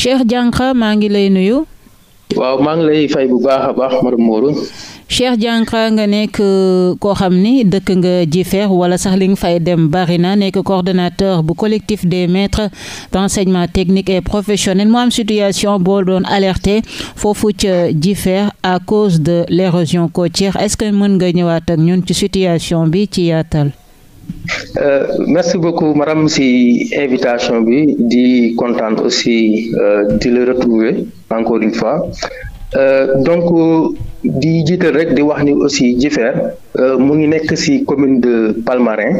Cheikh Diankha maa ngi lay nuyu. waaw maa ngi lay fay bu baax a baax madame Moreau. Cheikh Diankha nga nekk euh, koo xam ni dëkk nga Jifeer wala sax li nga fay dem bari na nekk coordonnateur bu collectif des maîtres d'enseignement technique et professionnel mu situation boo doon alerte foofu ca Jifeer à cause de l'érosion côtière est-ce que mën nga ñëwaat ak ñun ci situation bi ci yaatal. Euh, merci beaucoup maram si invitation bi di kontaan aussi euh, di la retrouver encore une fois euh, donc di jiital rek di wax ni aussi Jifeer euh, mu ngi nekk ci commune de Palmarin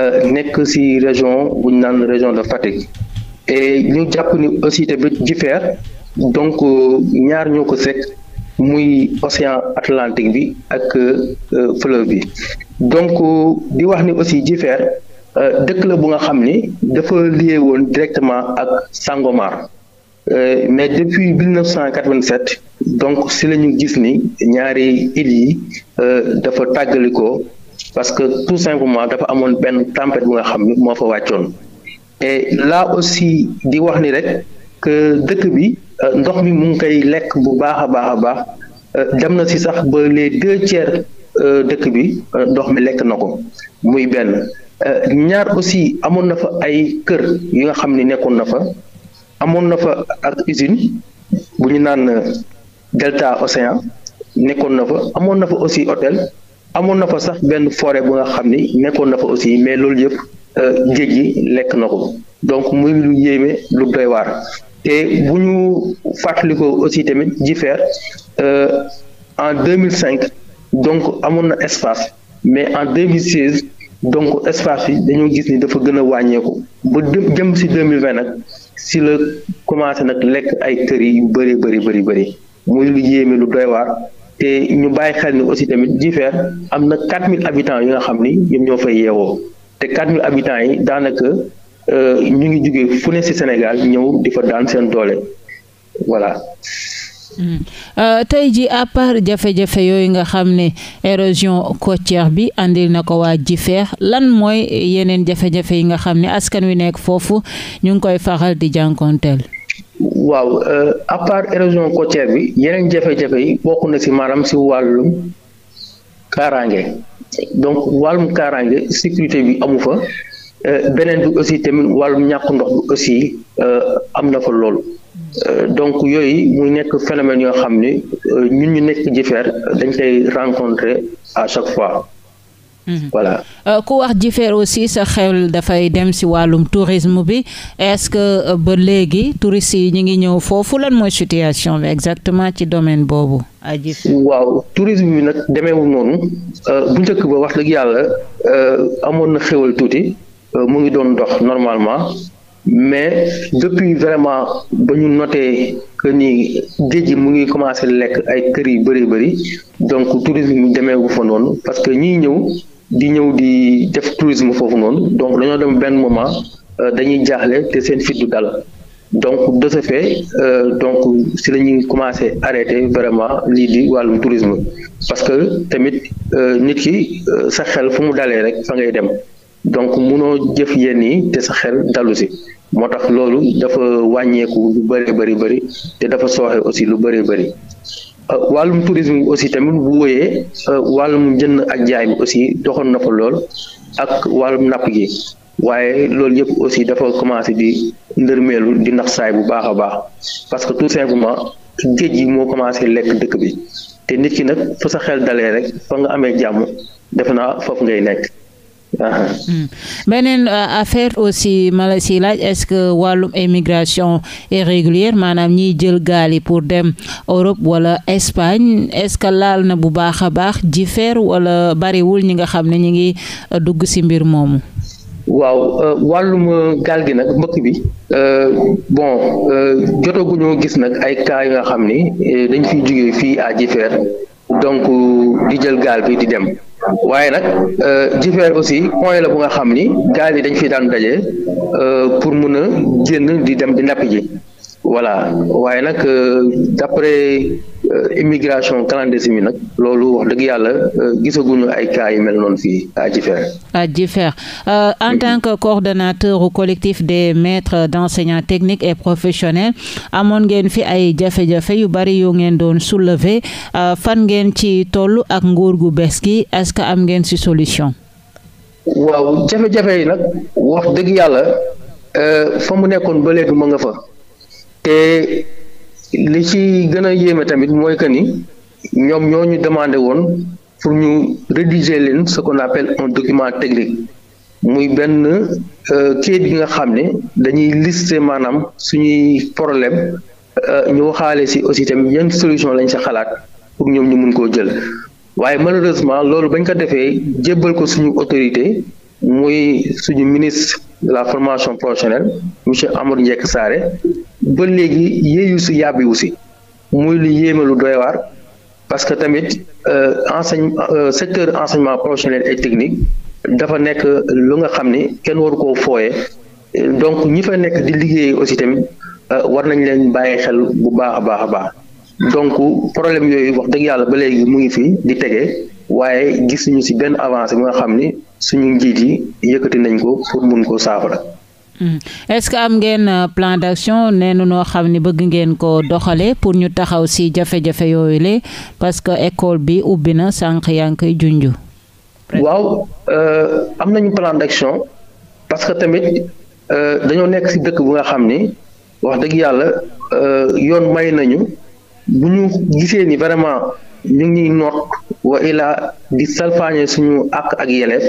euh, nekk ci région bu ñu naan région de Fatick e ñu jàpp ni aussi té tamit Jifeer donc euh, ñaar ñoo ko sekk muy océan Atlantique bi ak fleuve bi. donc di wax ni aussi Jifeer euh, dëkk la bu nga xam ni dafa lié woon directement ak Sangomar euh, mais depuis 1987 donc si la ñu gis ni ñaari îles yi euh, dafa tàggalikoo parce que tout simplement dafa amoon benn tempête bu nga xam ni moo fa wàccoon et là aussi di wax ni rek que dëkk bi ndox mi mu ngi koy lekk bu baax a baax a baax dem na si sax ba les deux tiers Euh, dëkk bi euh, dox mi lekk na ko muy benn euh, ñaar aussi amoon na fa ay kër yi nga xam ni nekkoon na fa amoon na fa ak usine bu ñu naan delta océan nekkoon na fa amoon na fa aussi hôtel amoon na fa sax benn forêt bu nga xam ni nekkoon na fa aussi mais loolu yëpp géej gi lekk na ko donc muy lu yéeme lu doy waar te bu ñu fàttalikoo aussi tamit jifeer en 2005 donc amoon na espace mais en 2016 donc espace yi dañoo gis ni dafa gën a wàññeeku ba jëm si 2020 nag si la commencé nag lekk ay kër yi yu bëree bëri bëri bëri muy lu yéeme lu doy waar te ñu bàyyi xel ni aussi tamit Jifeer am na 4000 habitants yi nga xam ni ñoom ñoo fay yeewoo te 4000 habitants yi daanaka euh, ñu ngi jóge fu ne si Sénégal ñëw di fa daan seen doole voilà. Euh, tey ji à part jafe-jafe yooyu nga xam ne érosion côtière bi andil na ko waa Jifeex lan mooy yeneen jafe-jafe yi nga xam ne askan wi nekk foofu ñu ngi koy faral di jànkonteel waaw euh, à part érosion côtière bi yeneen jafe-jafe yi bokk na ci maanaam ci wàllum kaaraange donc wàllum kaaraange sécurité bi amu fa euh, beneen bi aussi tamit wàllum ñàkk ndox bi aussi am na fa loolu Euh, donc yooyu muy nekk phénomène yoo xam ni euh, ñun ñu nekk jifeer dañ koy rencontrer à chaque fois. Mhm. voilà euh, ku wax jifeer aussi sa xel dafay dem si wàllum tourisme bi est que ba léegi touristes yi ñu ngi ñëw foofu lan mooy situation bi exactement ci domaine boobu. waaw tourisme bi nag demeewul noonu bu njëkk ba wax dëgg yàlla amoon na xéwal tuuti mu ngi doon dox normalement. mais depuis vraiment ba ñu noté que ni géej gi mu ngi commencé lekk ay kër yu bëri bëri donc tourisme mu demee gu fa noonu parce que ñiy ñëw di ñëw di def tourisme foofu noonu donc dañoo dem benn moment euh, dañuy jaaxle te seen fit du dal donc de ce fait euh, donc si la ñuy commencé arrêté vraiment lii di wàllum tourisme parce que tamit euh, nit ki euh, sa xel fu mu dalee rek fa ngay dem. donc munoo jëf yenn yi te sa xel dalu si moo tax loolu dafa wàññeeku lu bëree bëri bëri te dafa sooxe aussi lu bëree bëri euh, wàllum tourisme aussi tamit bu woyee euh, wàllum jënd ak jaay bi aussi doxoon na fa lool ak wàllum napp gi waaye loolu yëpp aussi dafa commencé di ndërmeelu di nax saay bu baax a baax parce que tout simplement géej gi moo commencé lekk dëkk bi te nit ki nag fu sa xel dalee rek foo nga amee jàmm defe naa foofu ngay nekk Ah. Hmm. beneen euh, affaire aussi ma la est-ce que wàllum immigration irrégulière maanaam ñiy jël gaal yi pour dem Europe wala Espagne est-ce que laal na bu baax a baax ji feer wala bariwul ñi nga xam ne ñi ngi euh, dugg ci mbir moomu. waaw euh, wàllum gaal bi nag mbëkk bi bon jotaguñoo gis nag ay cas yi nga xam ni dañ fiy jógee fii à Jifeer donc di jël gaal bi di dem. waaye nag jifeer euh, aussi point la bu nga xam ni gaal yi dañ fi daan daje euh, pour mun a génn di dem di napp ji voilà waaye nag euh, d'après euh, immigration clandestine bi nag loolu wax dëgg yàlla euh, gisaguñu ay cas yu mel noonu fii à Djiffer. à Djiffer en tant que coordonnateur au collectif des maîtres d'enseignants techniques et professionnels amoon ngeen fi ay jafe-jafe yu bari yu ngeen doon soulever fan ngeen ci toll ak nguur gu bees gi est-ce que am ngeen ci solution. waaw jafe-jafe yi nag wax dëgg yàlla fa mu nekkoon ba léegi mu nga fa. te li ci gën a yéeme tamit mooy que ni ñoom ñoo ñu demandé woon pour ñu rédiger leen ce qu'on appelle un document technique muy benn euh, kayit bi nga xam ne dañuy lister maanaam suñuy problème euh, ñu waxaale si aussi tamit yan solution lañ sa xalaat pour ñoom ñu mun koo jël waaye malheureusement loolu bañ ko defee jëbbal ko suñu autorité muy suñu ministre de la formation professionnelle monsieur Amadou njekk Saare ba léegi yéeyu si yàbbiwu si muy lu yéeme lu doy parce que tamit euh, enseigne euh, secteur enseignement professionnel et technique dafa nekk lu nga xam ni kenn waru koo fooye donc ñi fa nekk di liggéey aussi tamit euh, war nañ leen bàyyi xel bu baax a baax a baax donc problème yooyu wax dëgg yàlla ba léegi mu ngi fi di tege waaye gisuñu ci benn avancer bi nga xam ni suñu njiit yi yëkkati nañ ko pour mun koo saafara. Hmm. est-ce que am ngeen euh, plan d'action neenu noo xam ne bëgg ngeen ko doxalee pour ñu taxaw si jafe-jafe yooyu le parce que école bi ubbi na sànq yaa ngi koy waaw euh, am nañu plan d'action parce que tamit euh, dañoo nekk si dëkk bu nga xam ni wax dëgg yàlla yoon may nañu bu ñu gisee ni vraiment ñu ngi noot wa ilaa di salfaañe suñu àq ak yelleef.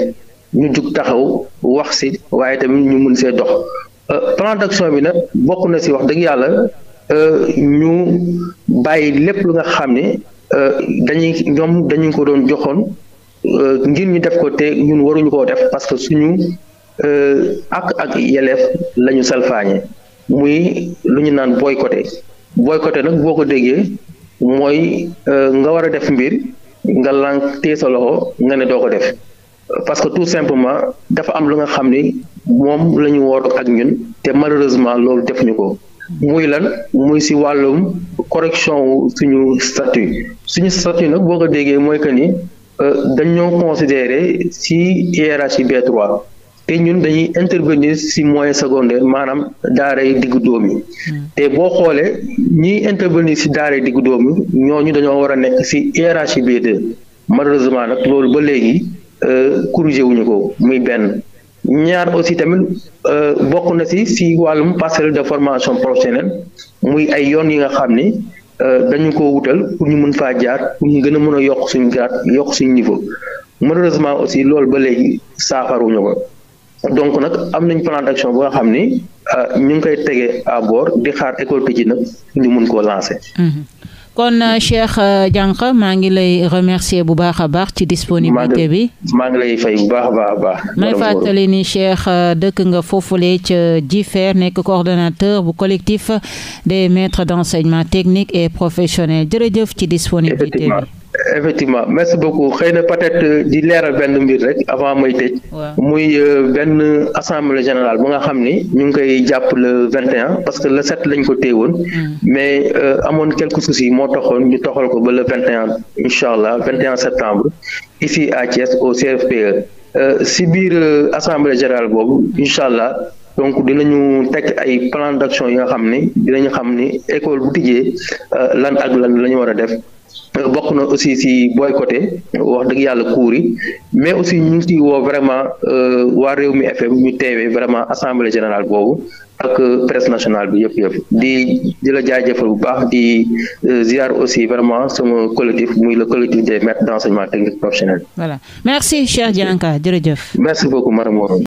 ñu jug taxaw wax si waaye tamit ñu mun see dox euh, plan d'action bi nag bokk na si wax dëgg yàlla euh, ñu bàyyi lépp lu nga xam ne euh, dañuy ñoom dañu ko doon joxoon ngir ñu def ko te ñun waruñu koo def parce que suñu ak ak yeleef la ñu salfaañe muy lu ñu naan boycotté boycotté nag boo ko déggee mooy nga war a def mbir nga lànk téye sa loxo nga ne doo ko def parce que tout simplement dafa am lu nga xam ni moom la ñu woote ak ñun te malheureusement loolu defuñu ko muy lan muy si wàllum correction wu suñu statut suñu statut nag boo ko déggee mooy que ni euh, dañoo considéré si hiérarchie b te ñun dañuy intervenir si moyen secondaire maanaam daaray diggu dóom yi hmm. te boo xoolee ñiy intervenir si daaray diggu doomi ñoo ñu dañoo war a nekk si hiérarchie b malheureusement nag loolu ba léegi Euh, corrigé wuñu ko muy benn ñaar aussi tamit euh, bokk na si si wàllum passerelle de formation professionnelle muy ay yoon yi nga xam ni euh, dañu ko wutal pour ñu mën faa jaar pour ñu gën a mën a yokk suñu grade yokk suñu niveau malheureusement aussi loolu ba léegi saafaruñu ko donc nag am nañ plan d'action boo xam ni ñu ngi koy tege à bord di xaar école tëji nag ñu mun koo lancer. Mm-hmm. kon euh, Cheikh jànq euh, maa ngi lay remercier bu baax a baax ci disponibilité bi maa ngi lay fay bu baax a baax a baax may fàttali ni Cheikh euh, dëkk nga foofulee ca Jifeer nekk coordonnateur bu collectif des maîtres d'enseignement technique et professionnel jërëjëf ci disponibilité effectivement merci beaucoup xëy na peut-être euh, di leeral benn mbir rek avant may tëj. muy euh, benn assemblée général ba nga xam ni ñu ngi koy jàpp le vingt et parce que le sept lañ ko téewoon. Mm. mais euh, amoon quelques soucis moo taxoon ñu toxal ko ba le vingt et un incha allah vingt et un septembre ici à Thiès au CFPE si biir assemblée générale boobu incha allah. donc dinañu tekk ay plan d'action yi nga xam ni dinañu xam ni école bu tijjee lan ak lan la ñu war a def Euh, bokk na aussi si boycotté wax dëgg yàlla cours yi mais aussi ñu ngi ciy woo vraiment euh, waa réew mi FM ñu teewee vraiment assemblée générale boobu ak euh, presse nationale bi yëpp yëpp di di la jaajëfal bu baax di ziar aussi vraiment sama collectif muy le collectif des maîtres d'enseignement technique professionnel. voilà merci Cheikh Dianka jërëjëf. merci beaucoup madame